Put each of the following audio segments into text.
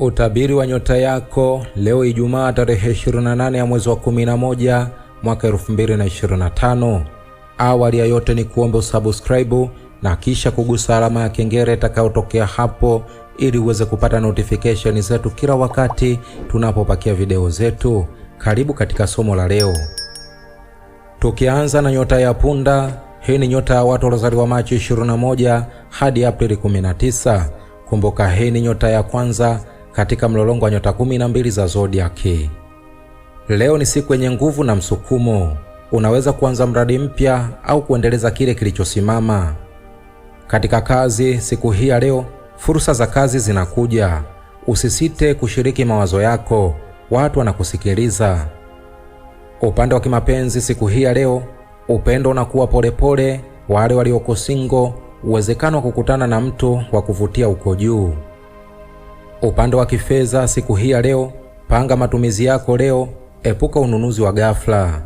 Utabiri wa nyota yako leo Ijumaa tarehe 28 ya mwezi wa 11 mwaka 2025. Awali ya yote ni kuombe usubscribe na kisha kugusa alama ya kengele itakayotokea hapo ili uweze kupata notification zetu kila wakati tunapopakia video zetu. Karibu katika somo la leo, tukianza na nyota ya punda. Hii ni nyota ya watu waliozaliwa Machi 21 hadi Aprili 19. Kumbuka, hii ni nyota ya kwanza katika mlolongo wa nyota mbili za zodiaki. Leo ni siku yenye nguvu na msukumo. Unaweza kuanza mradi mpya au kuendeleza kile kilichosimama. Katika kazi siku hii ya leo, fursa za kazi zinakuja. Usisite kushiriki mawazo yako, watu wanakusikiliza. Upande wa kimapenzi siku hii ya leo, upendo unakuwa polepole. Wale walioko singo, uwezekano wa kukutana na mtu wa kuvutia uko juu. Upande wa kifedha siku hii ya leo, panga matumizi yako leo, epuka ununuzi wa ghafla.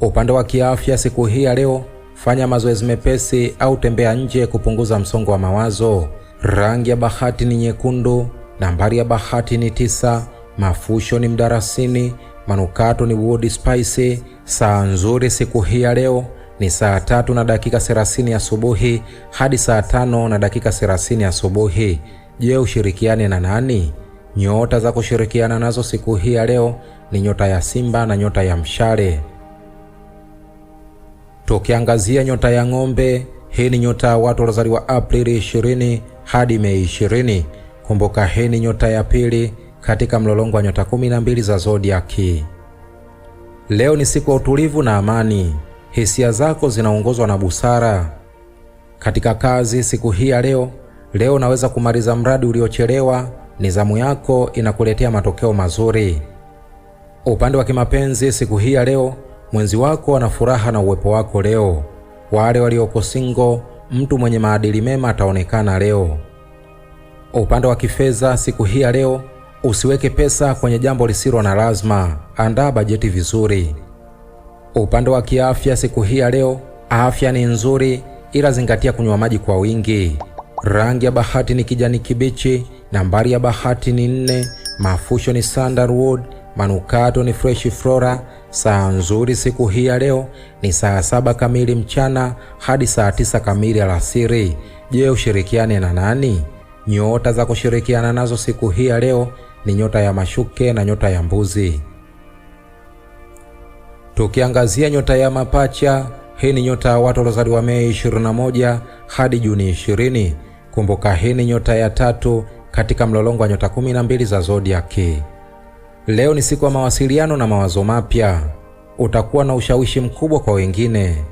Upande wa kiafya siku hii ya leo, fanya mazoezi mepesi au tembea nje kupunguza msongo wa mawazo. Rangi ya bahati ni nyekundu, nambari ya bahati ni tisa, mafusho ni mdarasini, manukato ni wood spice. Saa nzuri siku hii ya leo ni saa tatu na dakika 30 asubuhi hadi saa tano na dakika 30 asubuhi. Je, ushirikiane na nani? Nyota za kushirikiana nazo siku hii ya leo ni nyota ya Simba na nyota ya Mshale. Tukiangazia nyota ya Ng'ombe, hii ni nyota ya watu waliozaliwa Aprili 20 hadi Mei 20. Kumbuka, hii ni nyota ya pili katika mlolongo wa nyota 12 za zodiaki. Leo ni siku ya utulivu na amani. Hisia zako zinaongozwa na busara. Katika kazi siku hii ya leo Leo unaweza kumaliza mradi uliochelewa, nidhamu yako inakuletea matokeo mazuri. Upande wa kimapenzi, siku hii ya leo, mwenzi wako ana furaha na uwepo wako leo. Wale walioko single, mtu mwenye maadili mema ataonekana leo. Upande wa kifedha, siku hii ya leo, usiweke pesa kwenye jambo lisilo na lazima, andaa bajeti vizuri. Upande wa kiafya, siku hii ya leo, afya ni nzuri, ila zingatia kunywa maji kwa wingi. Rangi ya bahati ni kijani kibichi. Nambari ya bahati ni nne. Mafusho ni sandalwood. Manukato ni fresh flora. Saa nzuri siku hii ya leo ni saa saba kamili mchana hadi saa tisa kamili alasiri. Je, ushirikiane na nani? Nyota za kushirikiana nazo siku hii ya leo ni nyota ya mashuke na nyota ya mbuzi. Tukiangazia nyota ya mapacha, hii ni nyota ya watu waliozaliwa Mei 21 hadi Juni 20. Kumbuka hii ni nyota ya tatu katika mlolongo wa nyota mbili za zodiaki. Leo ni siku ya mawasiliano na mawazo mapya. Utakuwa na ushawishi mkubwa kwa wengine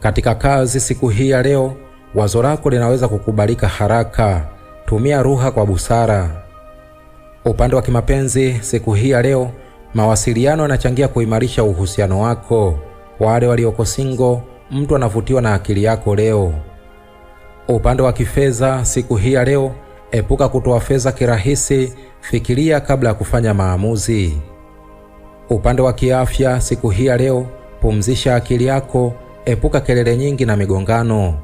katika kazi. Siku hii ya leo, wazo lako linaweza kukubalika haraka. Tumia ruha kwa busara. Upande wa kimapenzi, siku hii ya leo, mawasiliano yanachangia kuimarisha uhusiano wako. Wale walioko singo, mtu anavutiwa na akili yako leo. Upande wa kifedha siku hii ya leo, epuka kutoa fedha kirahisi, fikiria kabla ya kufanya maamuzi. Upande wa kiafya siku hii ya leo, pumzisha akili yako, epuka kelele nyingi na migongano.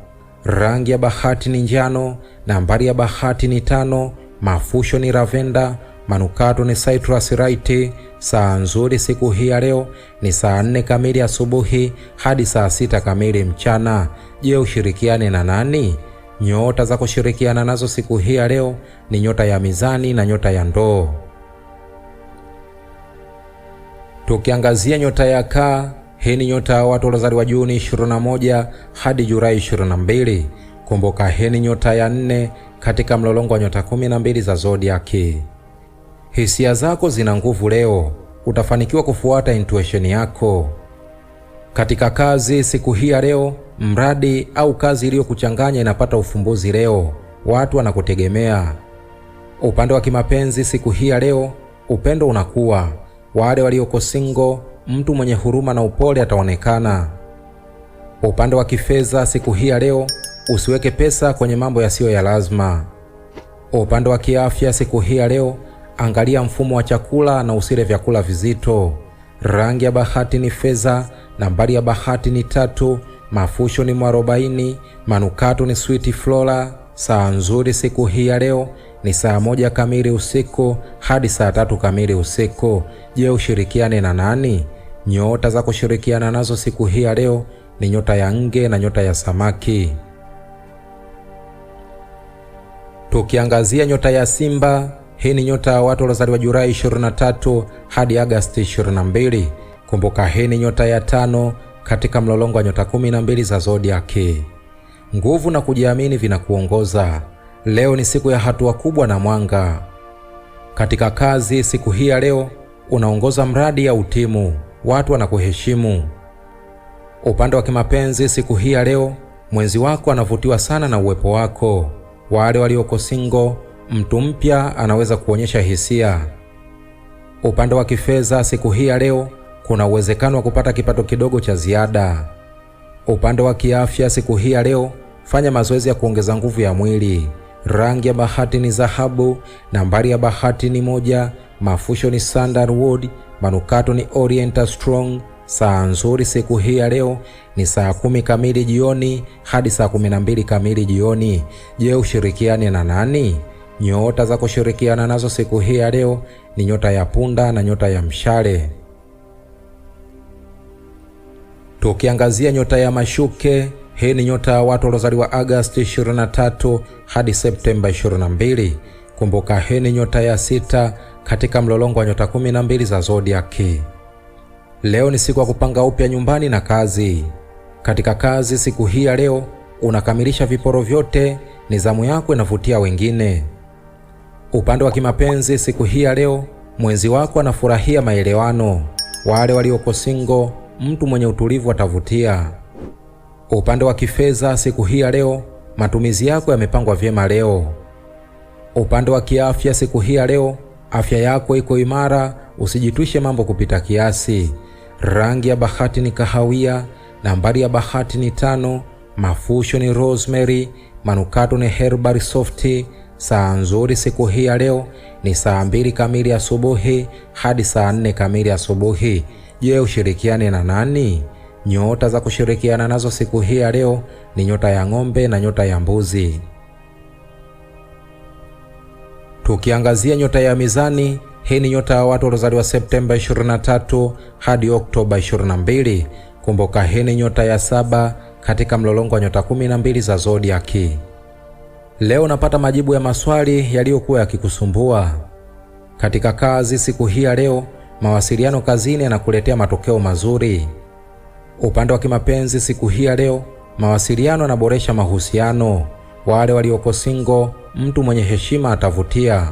Rangi ya bahati ni njano, nambari ya bahati ni tano, mafusho ni lavenda, manukato ni citrus right. Saa nzuri siku hii ya leo ni saa nne kamili asubuhi hadi saa sita kamili mchana. Je, ushirikiane na nani? Nyota za kushirikiana nazo siku hii ya leo ni nyota ya mizani na nyota ya ndoo. Tukiangazia nyota ya kaa, hii ni nyota ya watu waliozaliwa Juni 21 hadi Julai 22. Kumbuka, hii ni nyota ya nne katika mlolongo wa nyota 12 za zodiaki. Hisia zako zina nguvu leo, utafanikiwa kufuata intuition yako. Katika kazi siku hii ya leo Mradi au kazi iliyokuchanganya inapata ufumbuzi leo, watu wanakutegemea. Upande wa kimapenzi siku hii ya leo, upendo unakuwa. Wale walioko single, mtu mwenye huruma na upole ataonekana. Upande wa kifedha siku hii ya leo, usiweke pesa kwenye mambo yasiyo ya lazima. Upande wa kiafya siku hii ya leo, angalia mfumo wa chakula na usile vyakula vizito. Rangi ya bahati ni fedha. Nambari ya bahati ni tatu. Mafusho ni mwarobaini, manukato ni sweet flora. Saa nzuri siku hii ya leo ni saa moja kamili usiku hadi saa tatu kamili usiku. Je, ushirikiane na nani? Nyota za kushirikiana nazo siku hii ya leo ni nyota ya nge na nyota ya samaki. Tukiangazia nyota ya Simba, hii ni nyota ya watu waliozaliwa Julai 23 hadi Agasti 22. Kumbuka, hii ni nyota ya tano katika mlolongo wa nyota kumi na mbili za zodiaki. Nguvu na kujiamini vinakuongoza. Leo ni siku ya hatua kubwa na mwanga katika kazi. Siku hii ya leo unaongoza mradi au timu, watu wanakuheshimu. Upande wa kimapenzi, siku hii ya leo mwenzi wako anavutiwa sana na uwepo wako. Wale walioko singo, mtu mpya anaweza kuonyesha hisia. Upande wa kifedha, siku hii ya leo kuna uwezekano wa kupata kipato kidogo cha ziada. Upande wa kiafya siku hii ya leo, fanya mazoezi ya kuongeza nguvu ya mwili. Rangi ya bahati ni dhahabu, nambari ya bahati ni moja, mafusho ni sandalwood, manukato ni oriental strong. Saa nzuri siku hii ya leo ni saa kumi kamili jioni hadi saa kumi na mbili kamili jioni. Je, ushirikiane na nani? Nyota za kushirikiana nazo siku hii ya leo ni nyota ya punda na nyota ya mshale. Tukiangazia nyota ya mashuke, hii ni nyota ya watu waliozaliwa Agosti 23 hadi Septemba 22. Kumbuka, hii ni nyota ya sita katika mlolongo wa nyota 12 za zodiaki. Leo ni siku ya kupanga upya nyumbani na kazi. Katika kazi siku hii ya leo unakamilisha viporo vyote, zamu yako inavutia wengine. Upande wa kimapenzi siku hii ya leo mwenzi wako anafurahia maelewano. Wale walioko single mtu mwenye utulivu atavutia. Upande wa kifedha siku hii ya leo, matumizi yako yamepangwa vyema leo. Upande wa kiafya siku hii ya leo, afya yako iko imara, usijitwishe mambo kupita kiasi. Rangi ya bahati ni kahawia, nambari ya bahati ni tano, mafusho ni rosemary, manukato ni herbal soft. Saa nzuri siku hii ya leo ni saa mbili kamili asubuhi hadi saa nne kamili asubuhi. Je, ushirikiane na nani? Nyota za kushirikiana nazo siku hii ya leo ni nyota ya ng'ombe na nyota ya mbuzi. Tukiangazia nyota ya mizani, hii ni nyota ya watu waliozaliwa Septemba 23 hadi Oktoba 22. Kumbuka, hii ni nyota ya saba katika mlolongo wa nyota 12 za zodiaki. Leo unapata majibu ya maswali yaliyokuwa yakikusumbua katika kazi. Siku hii ya leo Mawasiliano kazini yanakuletea matokeo mazuri. Upande wa kimapenzi siku hii ya leo, mawasiliano yanaboresha mahusiano. Wale walioko single, mtu mwenye heshima atavutia.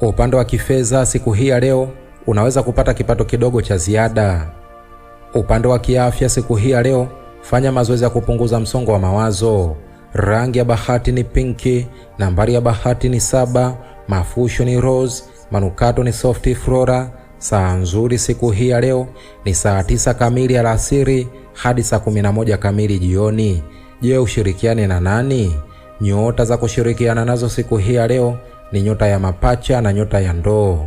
Upande wa kifedha siku hii ya leo, unaweza kupata kipato kidogo cha ziada. Upande wa kiafya siku hii ya leo, fanya mazoezi ya kupunguza msongo wa mawazo. Rangi ya bahati ni pinki. Nambari ya bahati ni saba. Mafusho ni rose. Manukato ni Soft Flora. Saa nzuri siku hii ya leo ni saa tisa kamili alasiri hadi saa kumi na moja kamili jioni. Je, ushirikiane na nani? Nyota za kushirikiana nazo siku hii ya leo ni nyota ya mapacha na nyota ya ndoo.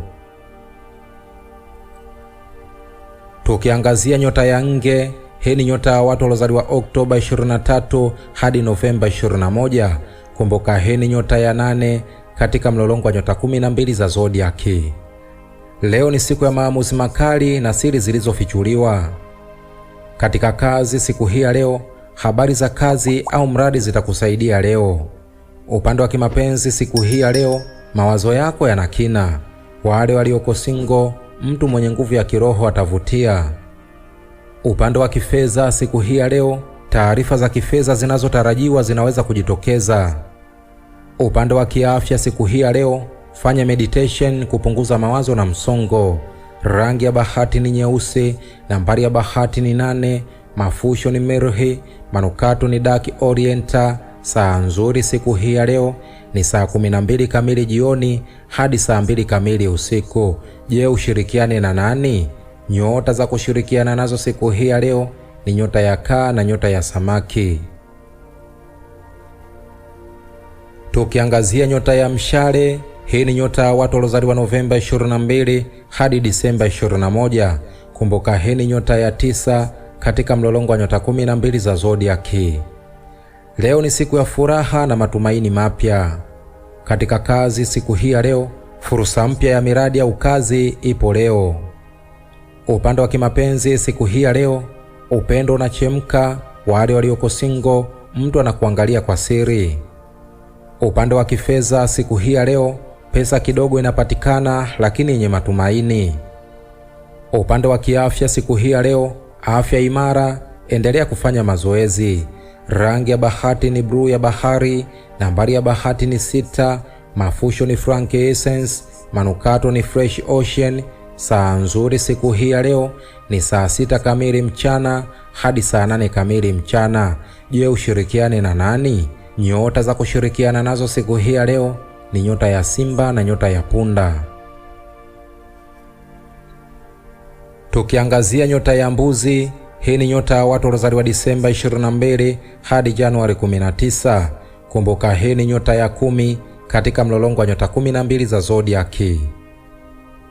Tukiangazia nyota ya nge, hii ni nyota ya watu waliozaliwa Oktoba 23 hadi Novemba 21. Kumbuka, hii ni nyota ya nane katika mlolongo wa nyota mbili za zodiaki. Leo ni siku ya maamuzi makali na siri zilizofichuliwa katika kazi. Siku hii ya leo, habari za kazi au mradi zitakusaidia leo. Upande wa kimapenzi, siku hii ya leo, mawazo yako yana kina. Wale walioko singo, mtu mwenye nguvu ya kiroho atavutia. Upande wa kifedha, siku hii ya leo, taarifa za kifedha zinazotarajiwa zinaweza kujitokeza. Upande wa kiafya siku hii ya leo, fanya meditation kupunguza mawazo na msongo. Rangi ya bahati ni nyeusi, nambari ya bahati ni nane, mafusho ni mirhi, manukato ni dark orienta. Saa nzuri siku hii ya leo ni saa 12 kamili jioni hadi saa mbili kamili usiku. Je, ushirikiane na nani? Nyota za kushirikiana nazo siku hii ya leo ni nyota ya kaa na nyota ya samaki. tukiangazia nyota ya mshale. Hii ni nyota ya watu waliozaliwa Novemba 22 hadi Disemba 21. Kumbuka, hii ni nyota ya tisa katika mlolongo wa nyota 12 za zodiaki. Leo ni siku ya furaha na matumaini mapya katika kazi. Siku hii ya leo, fursa mpya ya miradi au kazi ipo leo. Upande wa kimapenzi, siku hii ya leo, upendo unachemka. Wale walioko single, mtu anakuangalia kwa siri. Upande wa kifedha siku hii ya leo, pesa kidogo inapatikana lakini yenye matumaini. Upande wa kiafya siku hii ya leo, afya imara, endelea kufanya mazoezi. Rangi ya bahati ni bluu ya bahari. Nambari ya bahati ni sita. Mafusho ni frank essence. Manukato ni fresh ocean. Saa nzuri siku hii ya leo ni saa sita kamili mchana hadi saa nane kamili mchana. Je, ushirikiane na nani? Nyota za kushirikiana nazo siku hii ya leo ni nyota ya Simba na nyota ya Punda. Tukiangazia nyota ya Mbuzi, hii ni nyota ya watu waliozaliwa Disemba 22 hadi Januari 19. Kumbuka, hii ni nyota ya kumi katika mlolongo wa nyota 12 za zodiaki.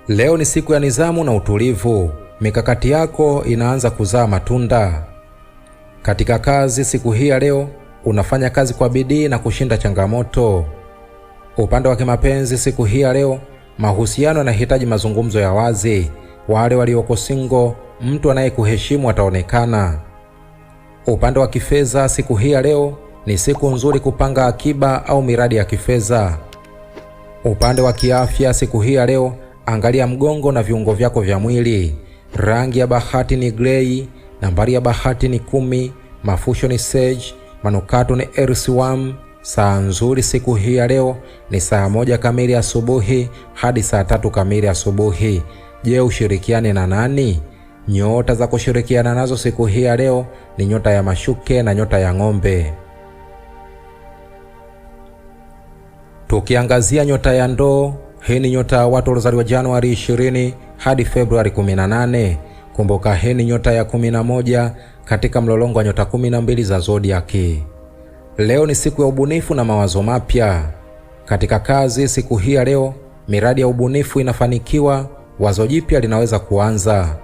Leo ni siku ya nidhamu na utulivu. Mikakati yako inaanza kuzaa matunda. Katika kazi siku hii ya leo unafanya kazi kwa bidii na kushinda changamoto. Upande wa kimapenzi siku hii ya leo, mahusiano yanahitaji mazungumzo ya wazi. Wale walioko singo, mtu anayekuheshimu ataonekana. Upande wa kifedha siku hii ya leo, ni siku nzuri kupanga akiba au miradi ya kifedha. Upande wa kiafya siku hii ya leo, angalia mgongo na viungo vyako vya mwili. Rangi ya bahati ni grey, nambari ya bahati ni kumi, mafusho ni sage, Manukato ni earthworm. Saa nzuri siku hii ya leo ni saa moja kamili asubuhi hadi saa tatu kamili asubuhi. Je, ushirikiane na nani? Nyota za kushirikiana nazo siku hii ya leo ni nyota ya mashuke na nyota ya ng'ombe. Tukiangazia nyota ya ndoo, hii ni nyota ya watu waliozaliwa Januari 20 hadi Februari 18. Kumbuka hii ni nyota ya 11 katika mlolongo wa nyota 12 za zodiaki. Leo ni siku ya ubunifu na mawazo mapya katika kazi. Siku hii ya leo, miradi ya ubunifu inafanikiwa, wazo jipya linaweza kuanza.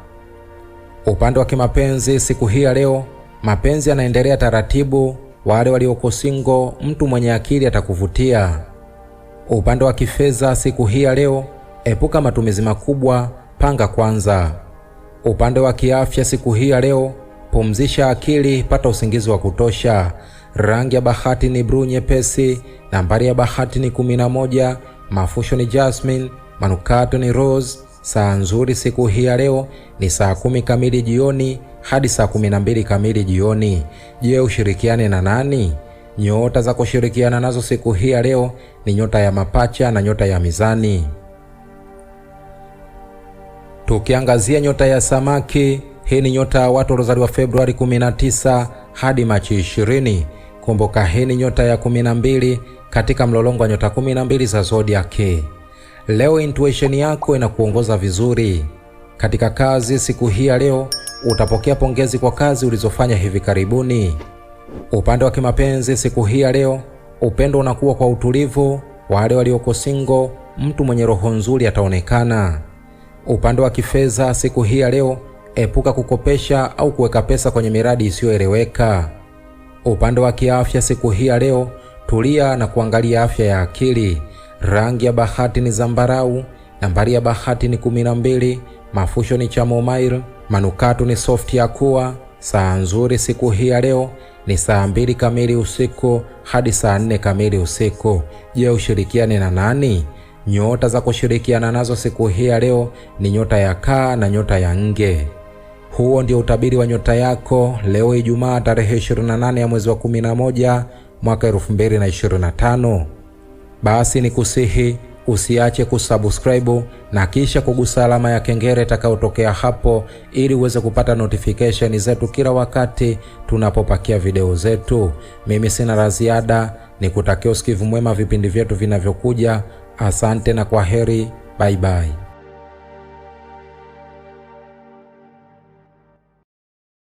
Upande wa kimapenzi, siku hii ya leo, mapenzi yanaendelea taratibu. Wale walioko singo, mtu mwenye akili atakuvutia. Upande wa kifedha, siku hii ya leo, epuka matumizi makubwa, panga kwanza. Upande wa kiafya siku hii ya leo, pumzisha akili, pata usingizi wa kutosha. Rangi ya bahati ni bluu nyepesi. Nambari ya bahati ni 11. Mafusho ni jasmine, manukato ni rose. Saa nzuri siku hii ya leo ni saa kumi kamili jioni hadi saa kumi na mbili kamili jioni. Je, ushirikiane na nani? Nyota za kushirikiana nazo siku hii ya leo ni nyota ya mapacha na nyota ya mizani tukiangazia nyota ya samaki. Hii ni nyota ya watu waliozaliwa Februari 19 hadi Machi 20. Kumbuka, hii ni nyota ya 12 katika mlolongo wa nyota 12 za zodiaki. Leo intuition yako inakuongoza vizuri katika kazi. Siku hii ya leo utapokea pongezi kwa kazi ulizofanya hivi karibuni. Upande wa kimapenzi, siku hii ya leo upendo unakuwa kwa utulivu. Wale walioko mtu mwenye roho nzuri ataonekana. Upande wa kifedha siku hii ya leo, epuka kukopesha au kuweka pesa kwenye miradi isiyoeleweka. Upande wa kiafya siku hii ya leo, tulia na kuangalia afya ya akili. Rangi ya bahati ni zambarau. Nambari ya bahati ni mbili Mafusho ni chamomile. Manukato ni soft ya kuwa. Saa nzuri siku hii ya leo ni saa mbili kamili usiku hadi saa nne kamili usiku. Je, ushirikiane na nani? Nyota za kushirikiana nazo siku hii ya leo ni nyota ya kaa na nyota ya nge. Huo ndio utabiri wa nyota yako leo Ijumaa tarehe 28 ya mwezi wa 11 mwaka 2025. Basi ni kusihi usiache kusubscribe na kisha kugusa alama ya kengele itakayotokea hapo ili uweze kupata notification zetu kila wakati tunapopakia video zetu. Mimi sina la ziada, nikutakia usikivu mwema vipindi vyetu vinavyokuja. Asante na kwa heri, baibai.